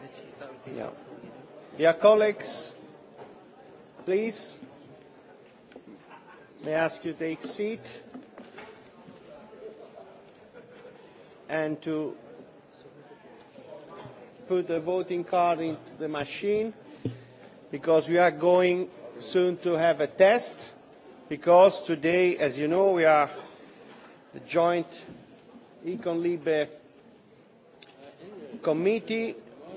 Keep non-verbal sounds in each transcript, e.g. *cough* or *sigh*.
committees. That would be yeah. helpful. You know. Dear colleagues, please, may I ask you to take seat and to put the voting card into the machine because we are going soon to have a test because today, as you know, we are the joint Econ Libre committee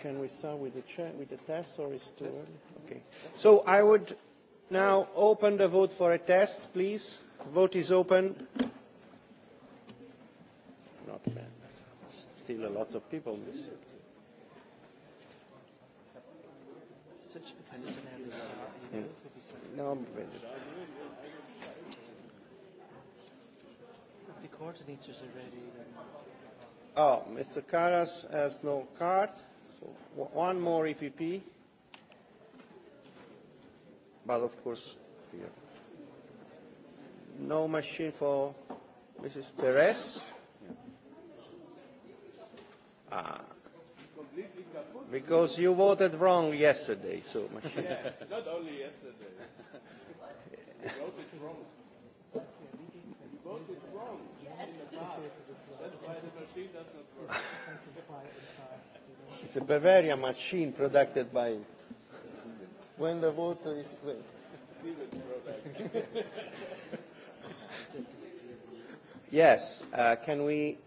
Can we start with the chair, with the test, or is too early? Okay. So I would now open the vote for a test, please. Vote is open. Not bad. Still a lot of people missing. Yeah. No, the coordinators are ready. Then. Oh, Mr. Karas has no card. So one more EPP, but of course here. No machine for Mrs. Perez. Ah. Because you voted wrong yesterday, so machine. *laughs* Yeah, not only yesterday. you voted wrong voted wrong yes. in the past. That's why the machine does not work. it's a Bavaria machine produced by. When the water is. yes, uh, can we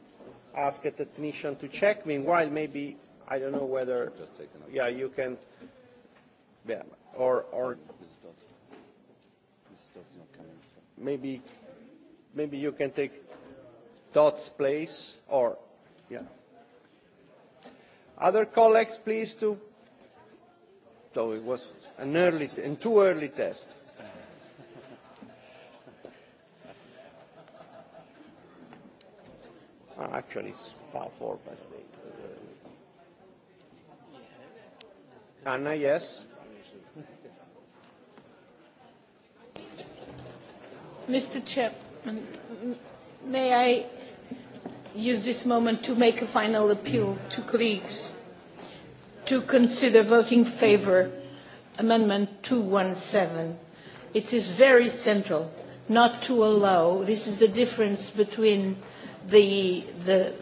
ask a technician to check? Meanwhile, maybe, I don't know whether. Just take another. Yeah, you can. Yeah, or. or Mrs. Dodds. Mrs. Dodds not coming. Maybe maybe you can take Dot's place or, yeah. Other colleagues, please, to, though it was an early, and too early test. ah, actually, it's far four past eight. Anna, yes. Mr. Chair. May I use this moment to make a final appeal to colleagues to consider voting favour Amendment 217. It is very central not to allow, this is the difference between the, the,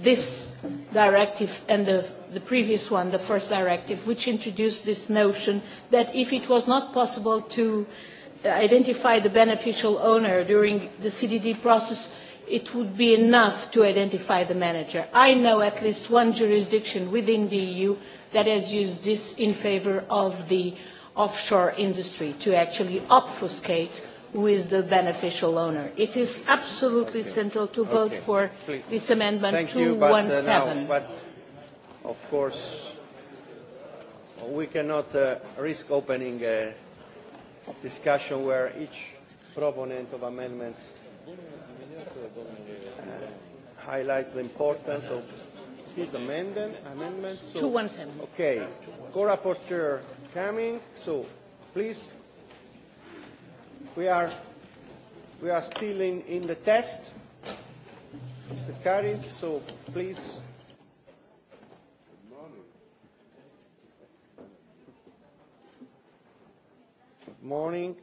this directive and the, the previous one, the first directive, which introduced this notion that if it was not possible to uh, identify the beneficial owner during the CDD process, it would be enough to identify the manager. I know at least one jurisdiction within the EU that has used this in favor of the offshore industry to actually obfuscate who is the beneficial owner. It is absolutely okay. central to vote okay. for Please. this amendment Thank 217. You, but, uh, now, but of course, we cannot uh, risk opening a uh, discussion where each proponent of amendment uh, highlights the importance of this amendment. amendment. So, 217. Okay. Co-rapporteur coming. So, please, we are, we are still in, in the test. Mr. Karins, so please. morning.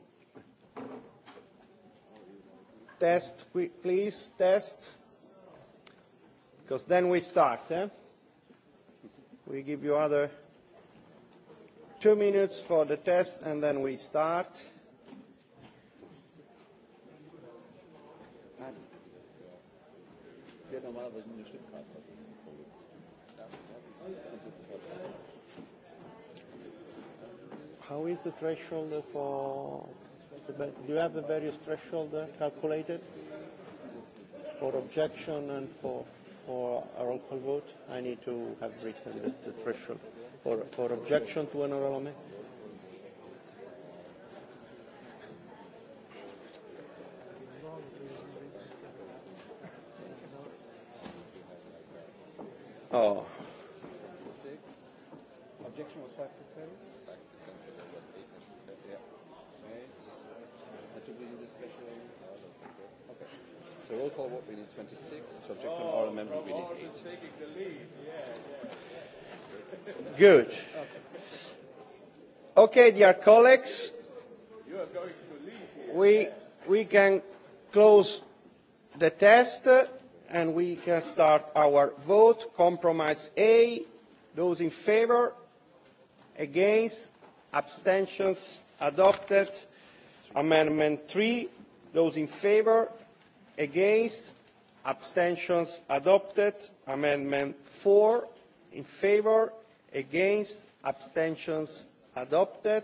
Test, please, test. Because then we start. Eh? We give you other two minutes for the test and then we start. Sie hat normalerweise eine Stimmkarte. How is the threshold for? Do you have the various threshold calculated for objection and for for a roll call vote? I need to have written the, the threshold for for objection to an oral amendment. Oh. So roll call vote, we need 26. To object on oh, oral amendment, we need 8. Is taking the lead. Yeah, yeah. Good. Okay, dear colleagues, you are going to lead here. We, we can close the test and we can start our vote. Compromise A, those in favour, against, abstentions, adopted. Amendment 3, those in favour, against abstentions adopted amendment 4 in favor against abstentions adopted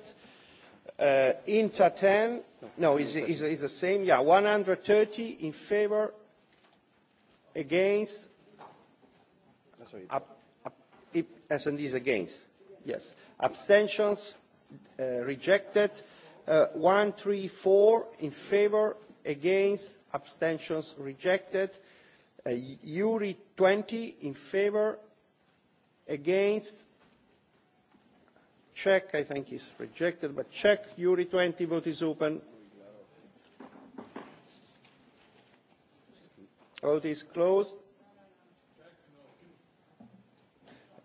uh, inter 10 no is is is the same yeah 130 in favor against up, up, it, S&D is against yes abstentions uh, rejected uh, 134 in favor against abstentions rejected uh, URI 20 in favor against check I think is rejected but check URI 20 vote is open vote is closed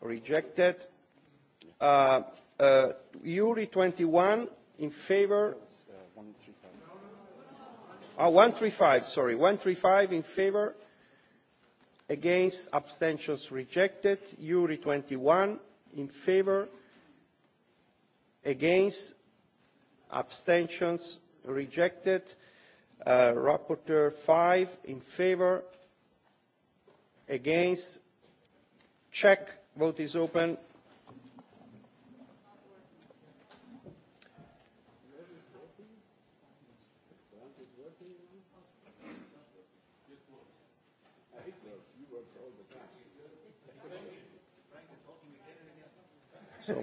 rejected uh, uh, URI 21 in favor uh, Uh, 135, sorry, 135 in favor, against, abstentions rejected. URI 21 in favor, against, abstentions rejected. Uh, rapporteur 5 in favor, against, check, vote is open.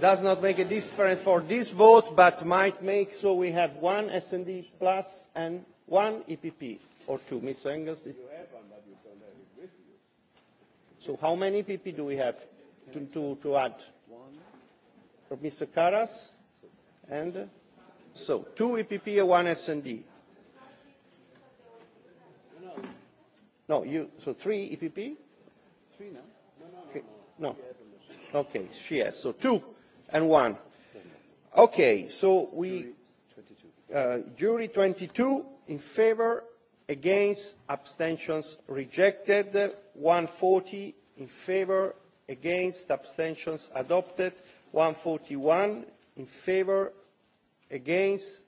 does not make a difference for this vote, but might make so we have one S&D plus and one EPP or two. Mr. Engels, it... you have one, but you don't have it with you. So how many EPP do we have to, to, to add? One. For Mr. Karas and so two EPP and one S&D. No, you so three EPP. Three no. No. no, no, no. no. Okay, she has. So two and one. Okay, so we uh, jury 22 in favor, against, abstentions rejected. 140 in favor, against, abstentions adopted. 141 in favor, against,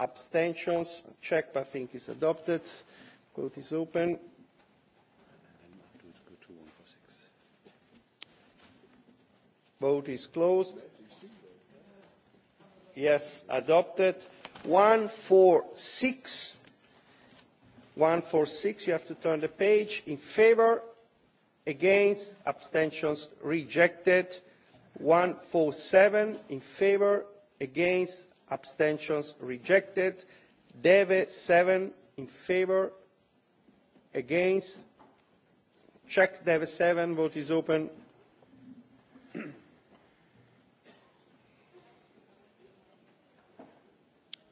abstentions. Check, I think is adopted. Quote is open. vote is closed yes adopted one four six one four six you have to turn the page in favor against abstentions rejected one four seven in favor against abstentions rejected deve seven in favor against check deve seven vote is open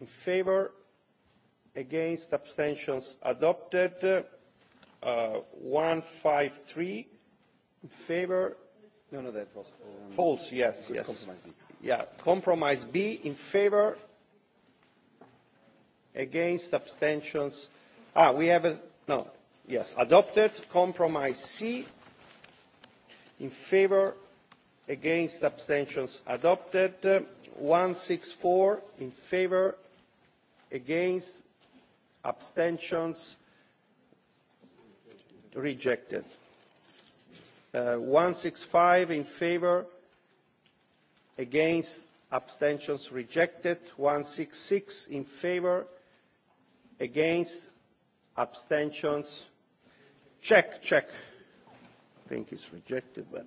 in favor against abstentions adopted uh, 153 in favor no no that was um, false yes yes compromise b. yeah compromise b in favor against abstentions ah we have a no yes adopted compromise c in favor against abstentions adopted uh, 164 in favor against abstentions rejected uh, 165 in favor against abstentions rejected 166 in favor against abstentions check check i think it's rejected but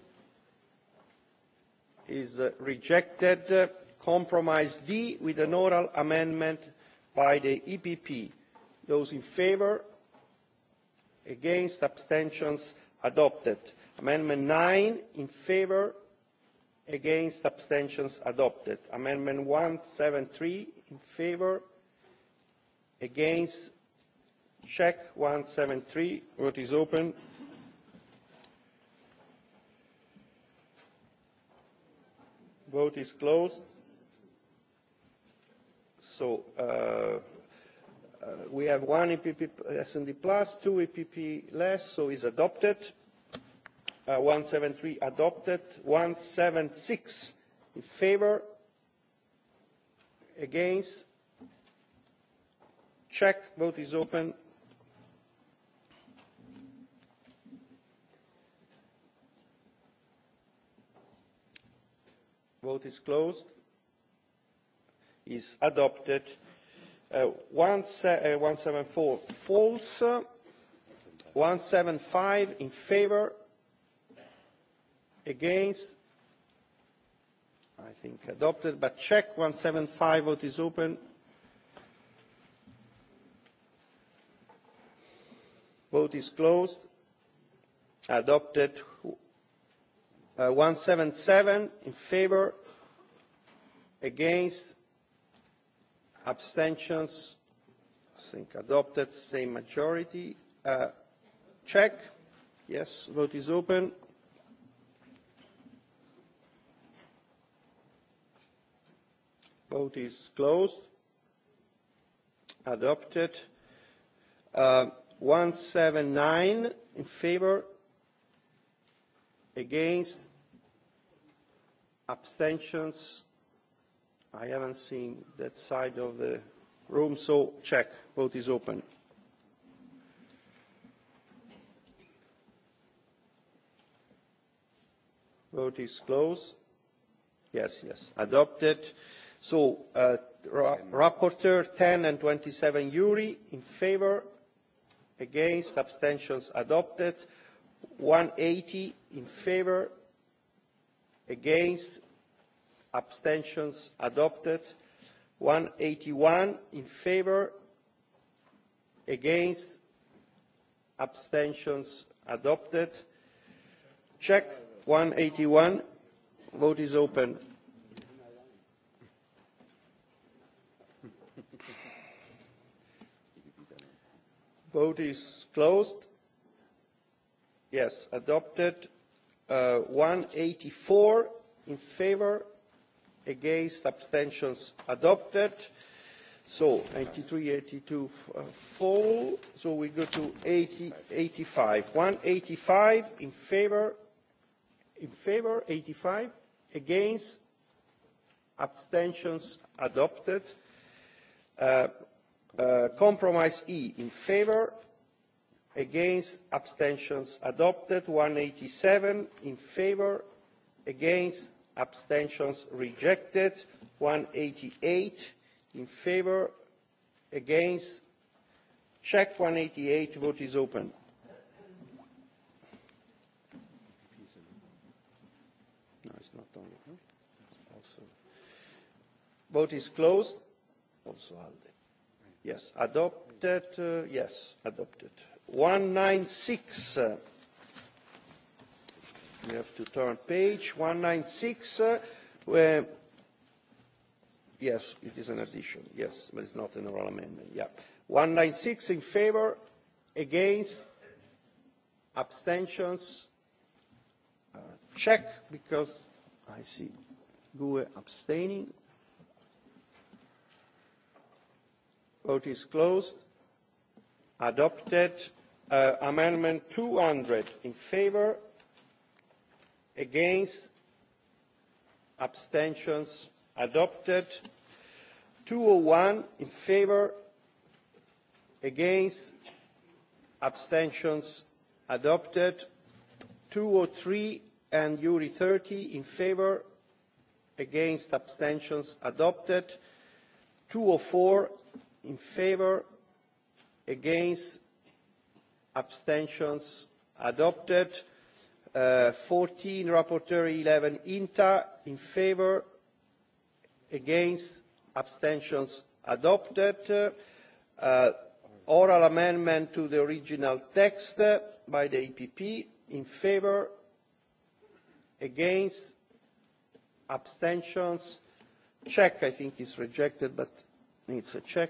is uh, rejected. Uh, compromise d with an oral amendment by the epp. those in favour against abstentions adopted. amendment nine in favour against abstentions adopted. amendment one hundred and seventy three in favour against check one hundred and seventy three vote is open. Vote is closed. So uh, uh, we have one EPP S&D plus, two EPP less, so is adopted. Uh, 173 adopted. 176 in favor. Against. Check. Vote is open. vote is closed is adopted uh, one, se uh, 174 false uh, 175 in favor against I think adopted but check 175 vote is open vote is closed adopted Uh, one seven seven in favour against abstentions i think adopted same majority uh, check yes vote is open vote is closed adopted uh, 179 in favor against abstentions i haven't seen that side of the room so check vote is open vote is closed yes yes adopted so uh, ra rapporteur 10 and 27 yuri in favor against abstentions adopted 180 in favor against abstentions adopted 181 in favor against abstentions adopted check 181 vote is open vote is closed yes adopted Uh, 184 in favor, against, abstentions adopted. So 93, 82 uh, fall. So we go to 80, 85. 185 in favor, in favor, 85 against, abstentions adopted. Uh, uh, compromise E in favor, against abstentions adopted one hundred and eighty seven in favour against abstentions rejected one hundred and eighty eight in favour against check one hundred and eighty eight vote is open no it's not only no? also vote is closed also alde yes adopted uh, yes adopted 196. We uh, have to turn page. 196. Uh, where, yes, it is an addition. Yes, but it's not an oral amendment. Yeah. 196 in favor, against, abstentions. Uh, check because I see GUE abstaining. Vote is closed. Adopted. Uh, amendment two hundred in favour against abstentions adopted two hundred and one in favour against abstentions adopted two hundred and three and URI thirty in favour against abstentions adopted two hundred and four in favour against abstentions adopted uh, 14 rapporteur 11 inta in favor against abstentions adopted uh, oral amendment to the original text by the epp in favor against abstentions check i think is rejected but needs a check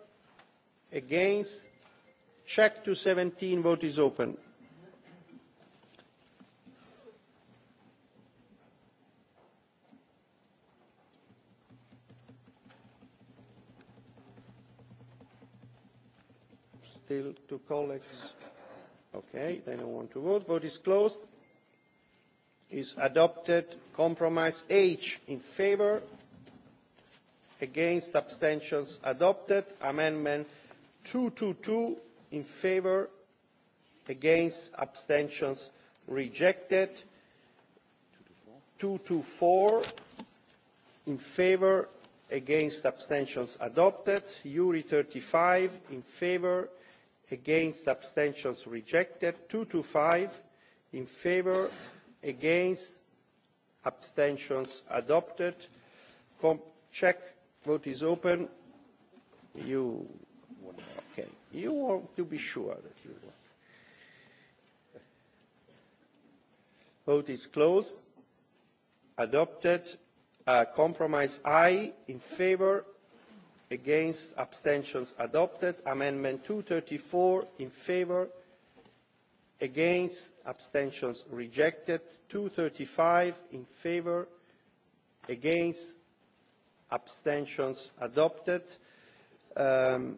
against check 217 vote is open still two colleagues okay they don't want to vote vote is closed is adopted compromise h in favor against abstentions adopted amendment 222 in favor against abstentions rejected 224 in favor against abstentions adopted uri 35 in favor against abstentions rejected 225 in favor against abstentions adopted Com check vote is open you You want to be sure that you want. Vote is closed. Adopted. Uh, compromise I in favour. Against abstentions adopted. Amendment 234 in favour. Against abstentions rejected. 235 in favour. Against abstentions adopted. Um,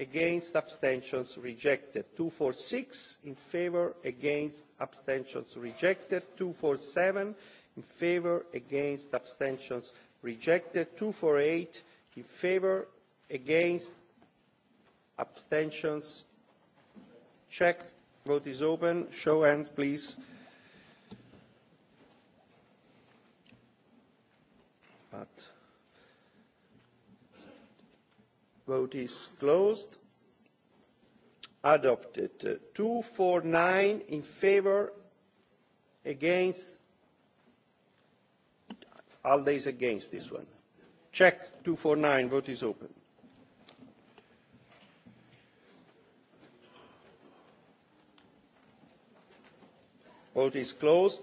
against abstentions rejected two four six in favour against abstentions rejected two four seven in favour against abstentions rejected two four eight in favour against abstentions check vote is open show hands please Vote is closed. Adopted. 249 uh, in favor, against. ALDE is against this one. Check 249. Vote is open. Vote is closed.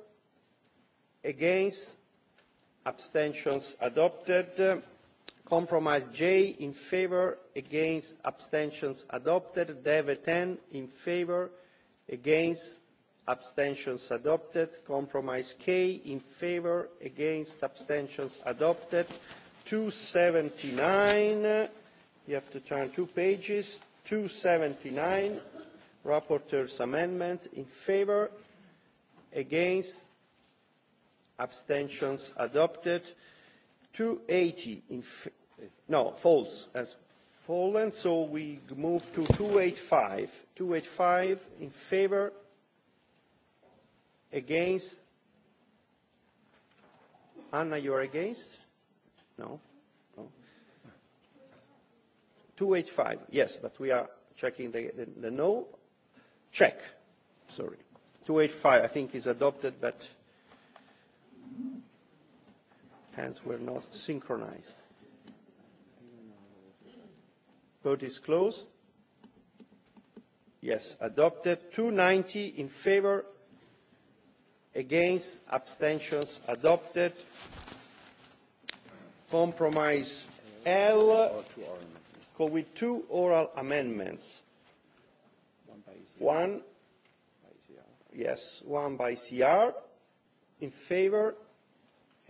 against abstentions adopted compromise j in favour against abstentions adopted dev 10 in favour against abstentions adopted compromise k in favour against abstentions adopted 279 you have to turn two pages 279 rapporteur's amendment in favour against abstentions adopted 280 in no false as fallen so we move to 285 285 in favor against Anna you're against no no 285 yes but we are checking the, the, the no check sorry 285 I think is adopted but hands were not synchronized. Vote is closed. Yes, adopted. 290 in favor, against, abstentions adopted. Compromise L with two oral amendments. One, yes, one by CR in favor,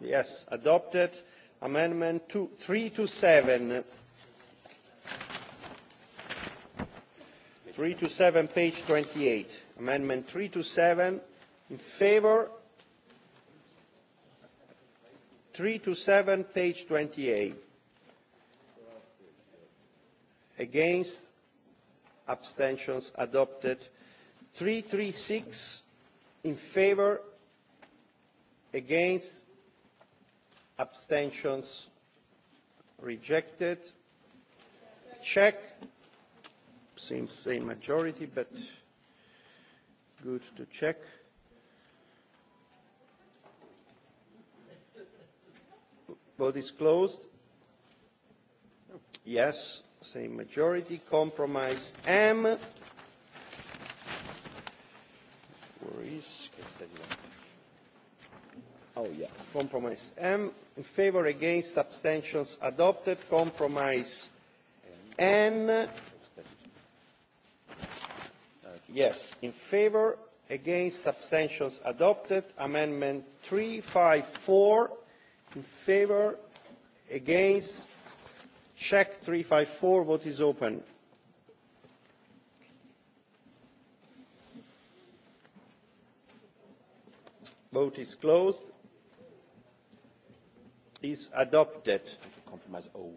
yes adopted amendment two three to seven three to seven page twenty eight amendment three to seven in favor three to seven page twenty eight against abstentions adopted three three six in favor against abstentions rejected check seems same majority but good to check vote is closed yes same majority compromise m where is Castellino? Oh, yeah. Compromise M. In favor, against, abstentions adopted. Compromise N. Yes. In favor, against, abstentions adopted. Amendment 354. In favor, against, check 354. Vote is open. Vote is closed is adopted. Compromise O.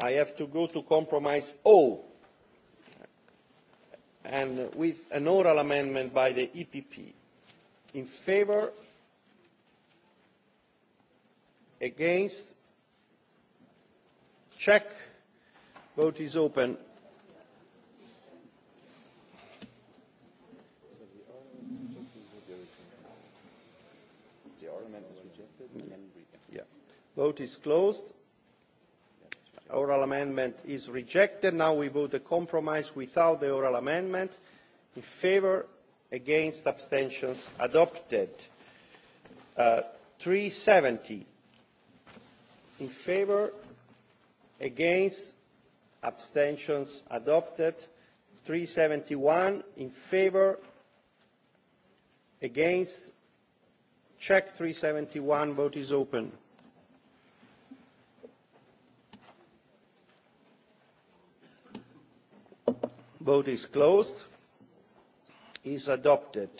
I have to go to compromise O. And with an oral amendment by the EPP. In favor? Against? Check. Vote is open. amendment is rejected. And then we, yeah. yeah. Vote is closed. Oral amendment is rejected. Now we vote the compromise without the oral amendment. In favour, against, abstentions adopted. Uh, 370. In favour, against, abstentions adopted. 371 in favour, against, Check 371. Vote is open. Vote is closed. Is adopted.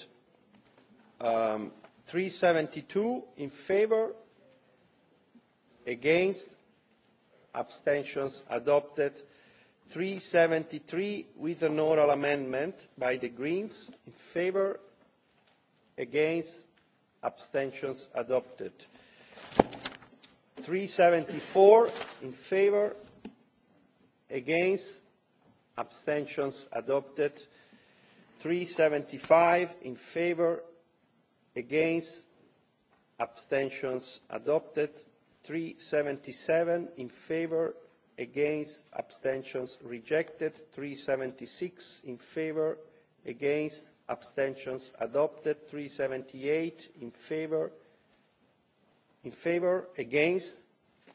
Um, 372 in favor, against, abstentions adopted. 373 with an oral amendment by the Greens in favor, against, abstentions adopted 374 in favor against abstentions adopted 375 in favor against abstentions adopted 377 in favor against abstentions rejected 376 in favor against abstentions adopted 378 in favor in favor against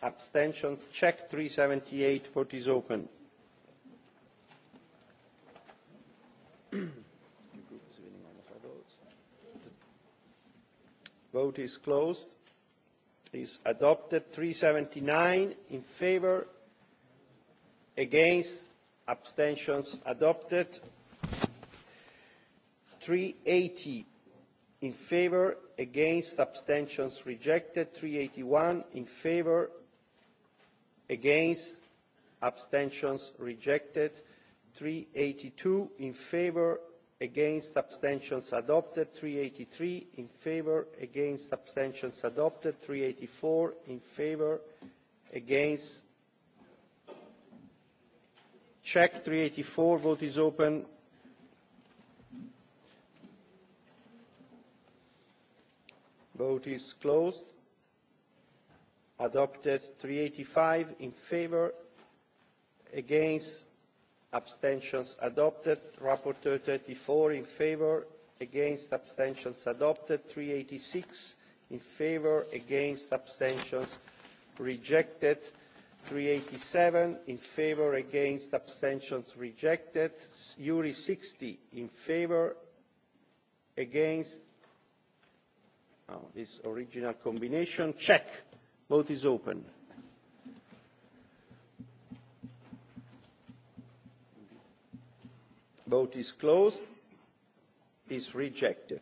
abstentions check 378 vote is open vote is closed is adopted 379 in favor against abstentions adopted 380 in favor against abstentions rejected 381 in favor against abstentions rejected 382 in favor against abstentions adopted 383 in favor against abstentions adopted 384 in favor against check 384 vote is open Vote is closed. Adopted 385 in favor, against, abstentions adopted. Rapporteur 34 in favor, against, abstentions adopted. 386 in favor, against, abstentions rejected. 387 in favor, against, abstentions rejected. URI 60 in favor, against, Oh, this original combination. Check. Vote is open. Vote is closed. Is rejected.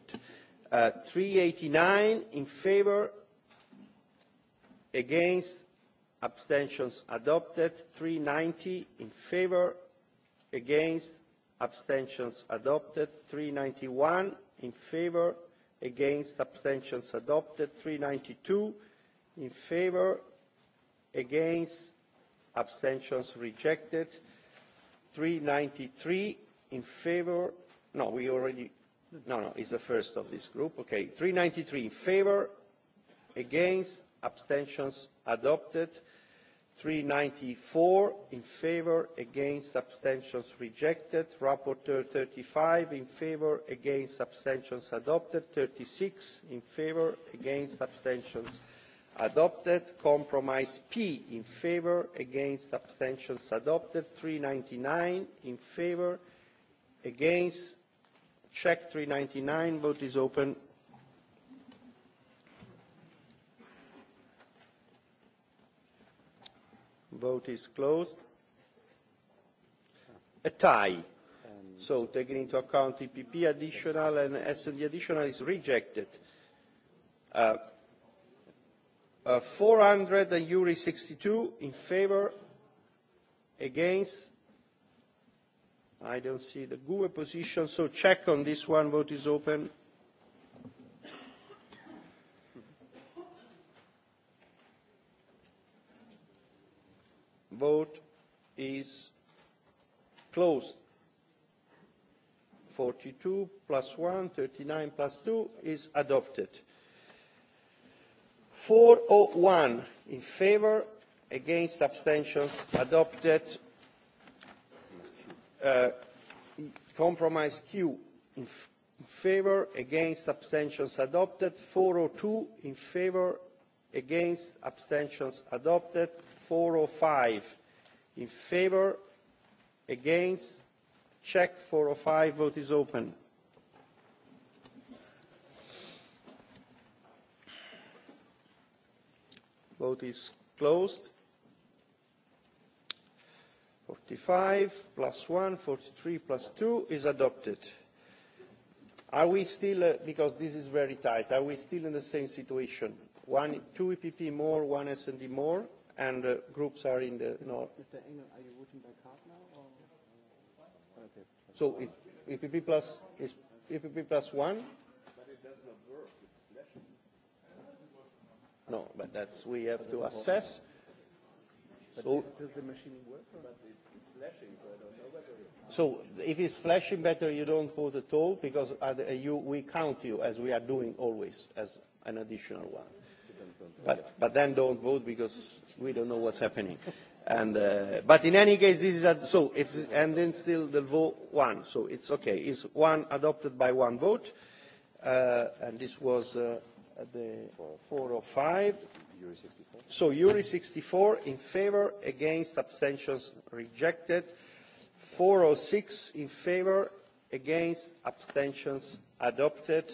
Uh, 389 in favor, against, abstentions adopted. 390 in favor, against, abstentions adopted. 391 in favor, against abstentions adopted 392 in favor against abstentions rejected 393 in favor no we already no no it's the first of this group okay 393 in favor against abstentions adopted 394 in favour against abstentions rejected rapporteur 35 in favour against abstentions adopted 36 in favour against abstentions adopted compromise p in favour against abstentions adopted 399 in favour against check 399 vote is open vote is closed. A tie. So taking into account EPP additional and S&D additional is rejected. Uh, uh, 400 and URI 62 in favor, against. I don't see the GUE position, so check on this one. Vote is open. vote is closed. 42 plus 1, 39 plus 2 is adopted. 401 in favor, against abstentions adopted. Uh, compromise Q in, in favor, against abstentions adopted. 402 in favor, against abstentions adopted four or oh five in favour against check four or oh five vote is open vote is closed forty five plus one forty three plus two is adopted are we still uh, because this is very tight are we still in the same situation One, two EPP more, one S&D more, and uh, groups are in the north. Mr. Engel, are you voting by card now? Or? Okay. So it, e EPP plus is EPP plus one. But it does not work. It's flashing. No, but that's we have that's to important. assess. But so, does, does the machine work? Or? But it flashing, so I don't know whether it's... So if it's flashing better, you don't vote at all, because at you, we count you, as we are doing always, as an additional one. But, but then don't vote, because we don't know what's happening. And, uh, but in any case, this is a, so. If, and then still the vote one, so it's okay. It's one adopted by one vote, uh, and this was uh, the four or oh five. Yuri 64. So Yuri 64 in favor, against abstentions rejected. 406 in favor, against abstentions adopted.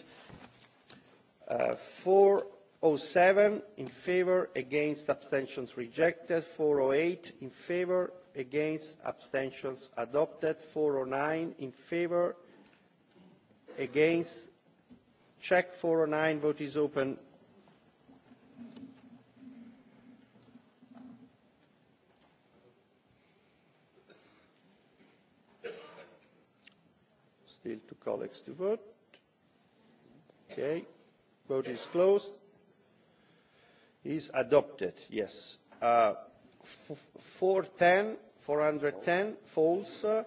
Uh, 407 in favor, against abstentions rejected. 408 in favor, against abstentions adopted. 409 in favor, against check 409 vote is open colleagues to vote. Okay. Vote is closed. Is adopted. Yes. Uh, 410, 410, false. Uh,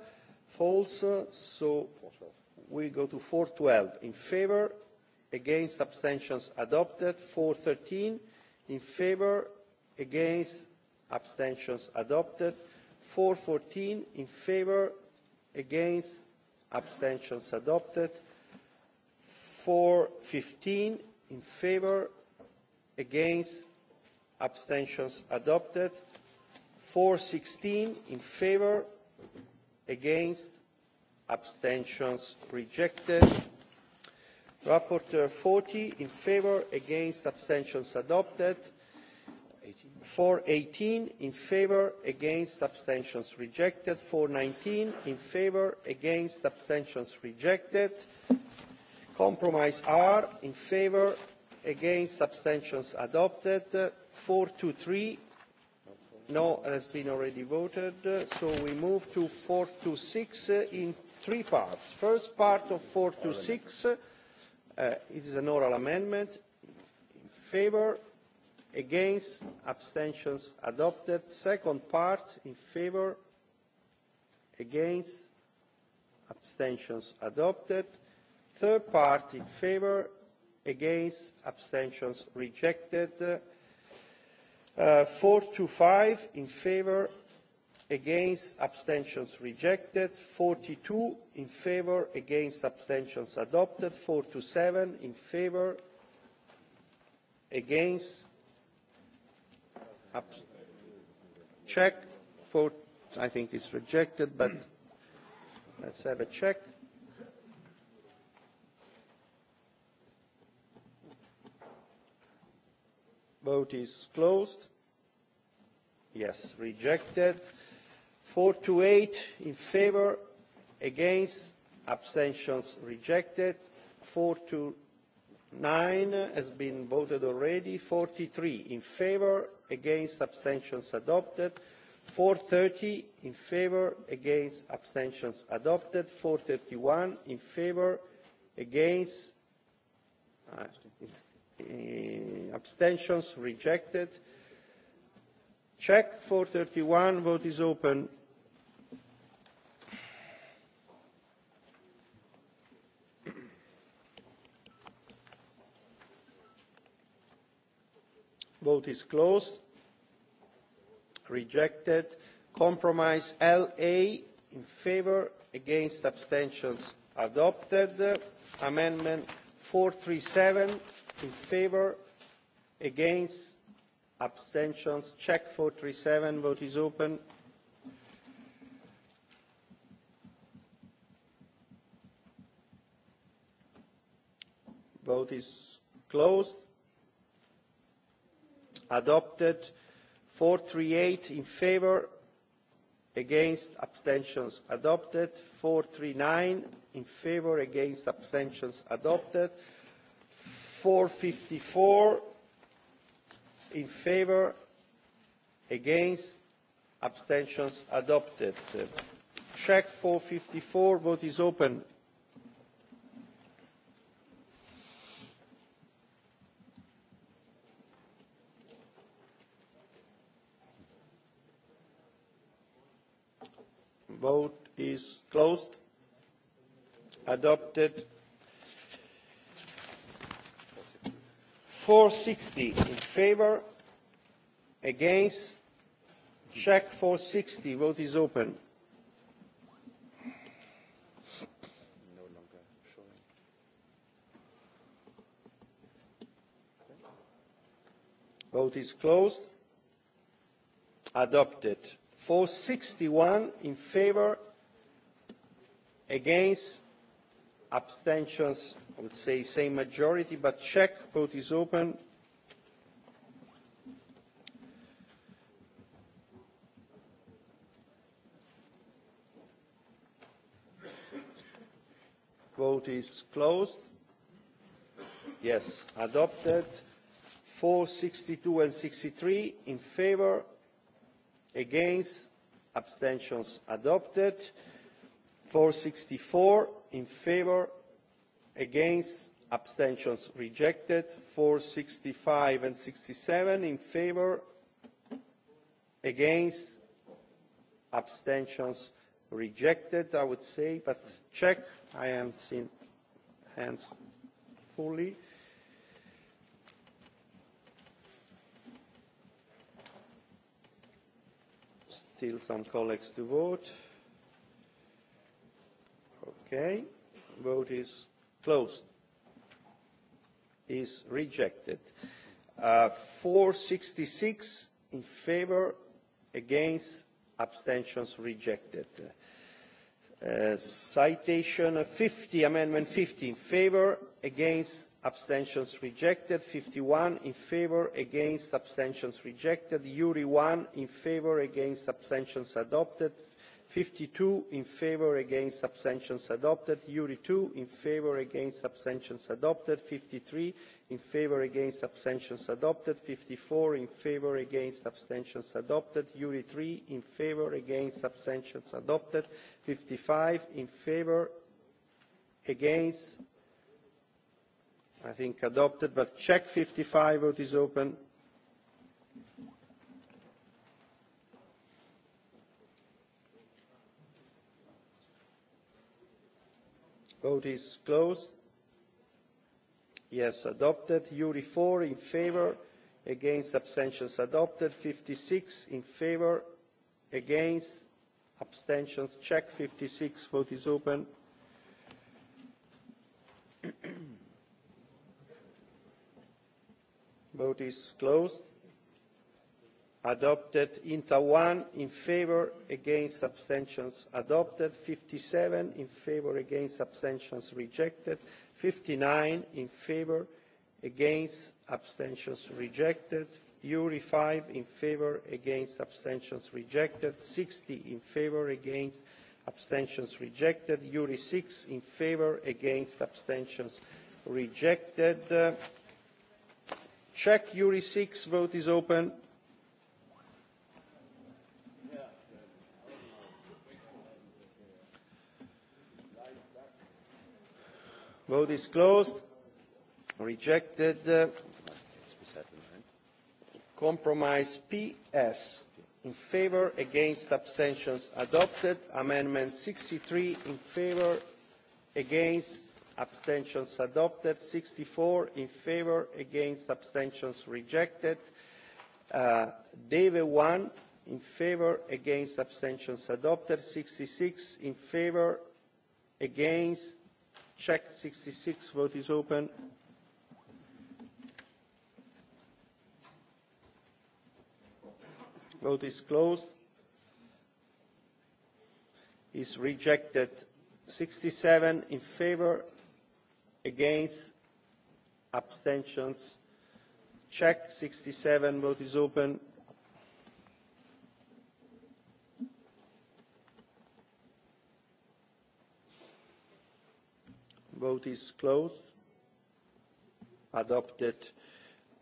false. Uh, so we go to 412. In favor, against, abstentions adopted. 413, in favor, against, abstentions adopted. 414, in favor, against, abstentions adopted 415 in favor against abstentions adopted 416 in favor against abstentions rejected rapporteur 40 in favor against abstentions adopted 418 in favour against abstentions rejected 419 in favour against abstentions rejected compromise r in favour against abstentions adopted 423 no has been already voted so we move to 426 in three parts first part of 426 uh, it is an oral amendment in favour against abstentions adopted second part in favour against abstentions adopted third part in favour against abstentions rejected uh, four to five in favour against abstentions rejected forty two in favour against abstentions adopted four to seven in favour against up check for i think it's rejected but let's have a check vote is closed yes rejected four to eight in favor against abstentions rejected four to nine has been voted already forty three in favour against abstentions adopted four thirty in favour against abstentions adopted four thirty one in favour against uh, abstentions rejected check four thirty one vote is open vote is closed rejected compromise la in favour against abstentions adopted amendment four hundred and thirty seven in favour against abstentions check four hundred and thirty seven vote is open vote is closed adopted four three eight in favour against abstentions adopted four three nine in favour against abstentions adopted four fifty four in favour against abstentions adopted check four fifty four vote is open vote is closed adopted four sixty in favour against check four sixty vote is open vote is closed adopted 461 in favor, against, abstentions, I would say same majority, but check, vote is open. Vote is closed. Yes, adopted. 462 and 63 in favor, against abstentions adopted 464 in favor against abstentions rejected 465 and 67 in favor against abstentions rejected i would say but check i am seen hands fully still some colleagues to vote. Okay. Vote is closed. Is rejected. Uh, 466 in favor, against, abstentions rejected. Uh, citation 50, amendment 50 in favor, against, abstentions rejected fifty one in favour against abstentions rejected uri one in favour against abstentions adopted fifty two in favour against abstentions adopted uri two in favour against abstentions adopted fifty three in favour against abstentions adopted fifty four in favour against abstentions adopted uri three in favour against abstentions adopted fifty five in favour against I think adopted, but check 55, vote is open. Vote is closed. Yes, adopted. URI 4 in favor, against abstentions adopted. 56 in favor, against abstentions. Check 56, vote is open. vote is closed adopted inta one in favour against abstentions adopted fifty seven in favour against abstentions rejected fifty nine in favour against abstentions rejected uri five in favour against abstentions rejected sixty in favour against abstentions rejected uri six in favour against abstentions rejected uh, check yuri six vote is open vote is closed rejected uh, compromise ps in favour against abstentions adopted amendment sixty three in favour against abstentions adopted sixty four in favour against abstentions rejected uh, deve one in favour against abstentions adopted sixty six in favour against check sixty six vote is open vote is closed is rejected sixty seven in favour against abstentions check 67 vote is open vote is closed adopted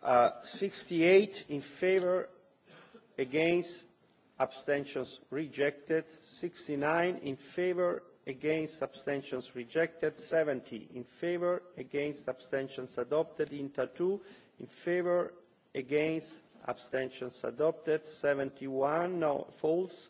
uh, 68 in favor against abstentions rejected 69 in favor against abstentions rejected 70 in favor against abstentions adopted inter 2 in favor against abstentions adopted 71 no false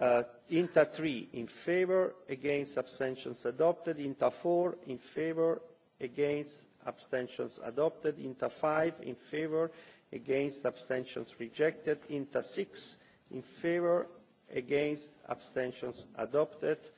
uh, inter 3 in favor against abstentions adopted inter 4 in favor against abstentions adopted inter 5 in favor against abstentions rejected inter 6 in favor against abstentions adopted uh,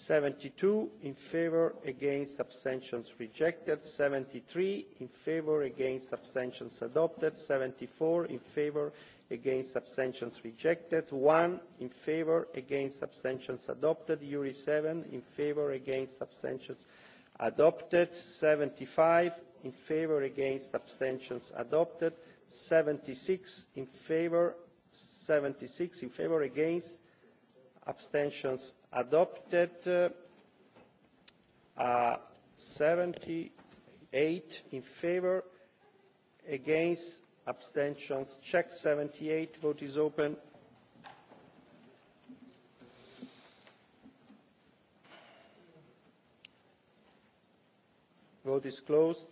72 in favor against abstentions rejected 73 in favor against abstentions adopted 74 in favor against abstentions rejected 1 in favor against abstentions adopted URI 7 in favor against abstentions adopted 75 in favor against abstentions adopted 76 in favor 76 in favor against abstentions adopted uh, 78 in favor against abstentions check 78 vote is open vote is closed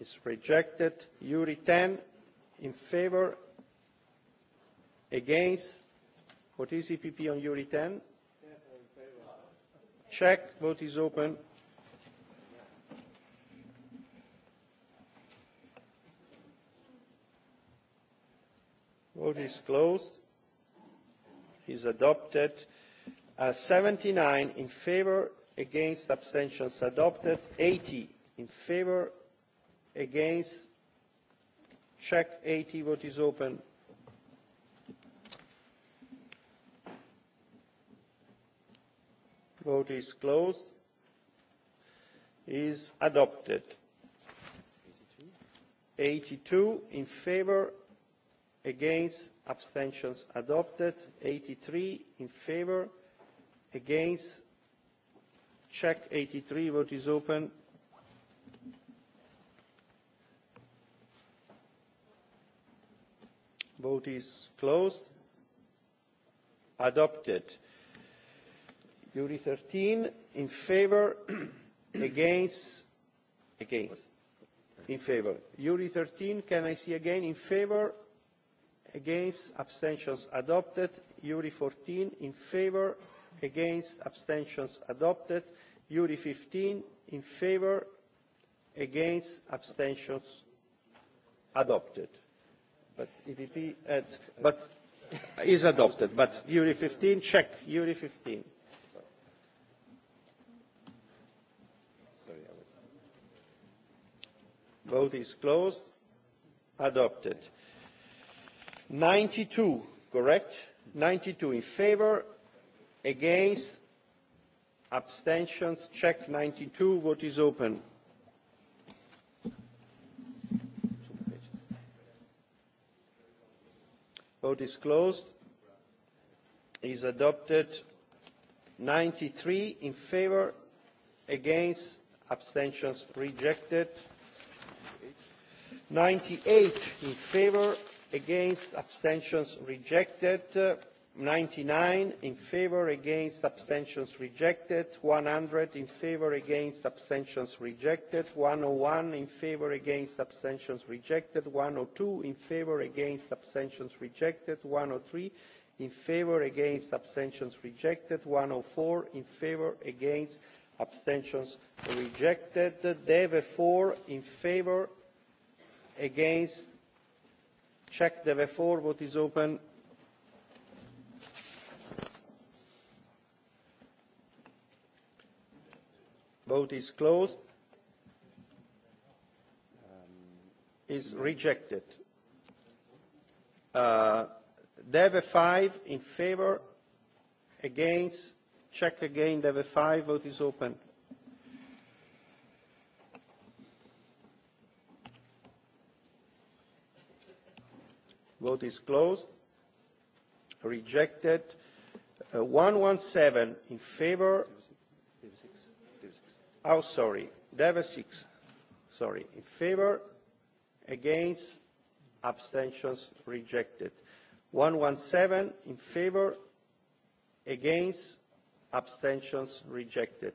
is rejected uri 10 in favor against What is EPP on URI 10? Check. Vote is open. Vote is closed. Is adopted. Uh, 79 in favor, against abstentions adopted. 80 in favor, against. Check 80. Vote is open. vote is closed is adopted eighty two in favour against abstentions adopted eighty three in favour against check eighty three vote is open vote is closed adopted Jury 13 in favor, *clears throat* against, against, in favor. Jury 13, can I see again in favor, against, abstentions adopted. Jury 14 in favor, against, abstentions adopted. Jury 15 in favor, against, abstentions adopted. But EPP adds, uh, but *laughs* is adopted. But Jury 15, check. Jury 15. vote is closed adopted ninety two correct ninety two in favour against abstentions check ninety two vote is open vote is closed is adopted ninety three in favour against abstentions rejected 98 in favor against abstentions rejected 99 in favor against abstentions rejected 100 in favor against abstentions rejected 101 in favor against abstentions rejected 102 in favor against abstentions rejected 103 in favor against abstentions rejected 104 in favor against abstentions rejected therefore in favor against check the four vote is open vote is closed um, is rejected uh, dev five in favor against check again dev five vote is open Vote is closed. Rejected. Uh, 117 in favor. Oh, sorry. Deva 6. Sorry. In favor. Against. Abstentions. Rejected. 117 in favor. Against. Abstentions. Rejected.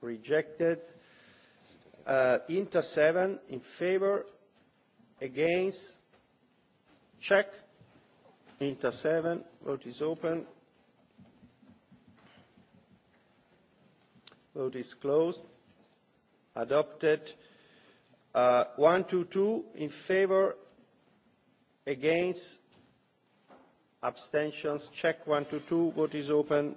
rejected. Uh, Inter 7 in favor, against, check. Inter 7, vote is open. Vote is closed. Adopted. Uh, 122 in favor, against, abstentions. Check 122, vote is open.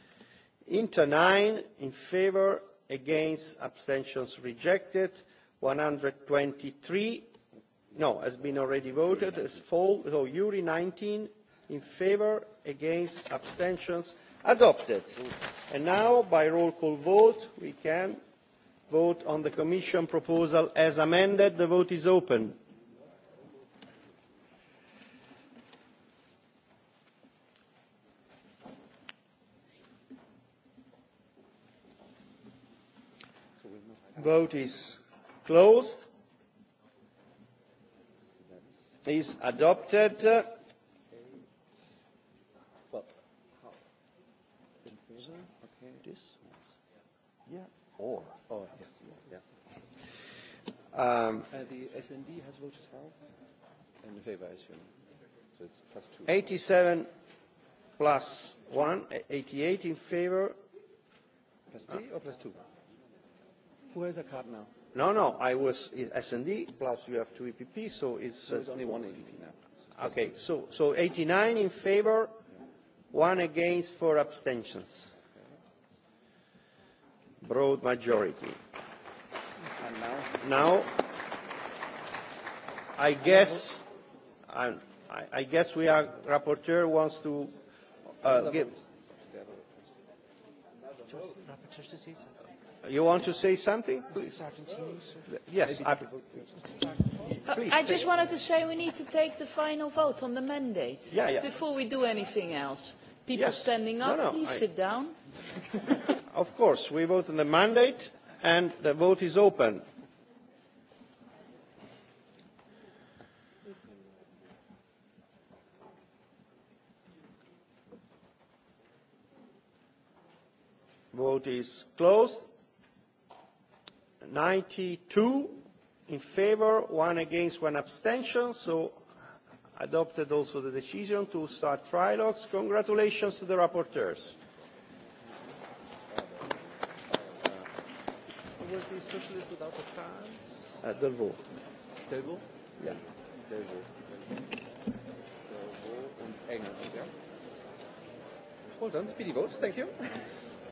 inter nine in favour against abstentions rejected one hundred and twenty three no has been already voted as full so uri nineteen in favour against abstentions adopted and now by roll call vote we can vote on the commission proposal as amended the vote is open Vote is closed. Is adopted. Or. Or, yeah. yeah. Um, uh, the SND has voted how? In favor, I assume. So it's plus two. 87 plus one, 88 in favor. Plus three uh, or plus two? Who has a card now? No, no, I was S&D, plus you have two EPP, so it's... So it's only one EPP now. Uh, okay, so, so 89 in favor, one against, four abstentions. Broad majority. And now? Now, I guess, I, I guess we are, rapporteur wants to uh, give... Rapporteur to see something. You want to say something? Please. Yes. I, please. I just wanted to say we need to take the final vote on the mandate yeah, yeah. before we do anything else. People yes. standing up, no, no, please I... sit down. *laughs* of course, we vote on the mandate and the vote is open. Vote is closed. 92 in favor, one against, one abstention. So adopted also the decision to start trilogues. Congratulations to the rapporteurs. Was the socialist without the cards? Uh, Delvaux. Delvaux? Yeah. Delvaux. Delvaux and Engels, yeah? Well done, speedy votes, thank you. *laughs*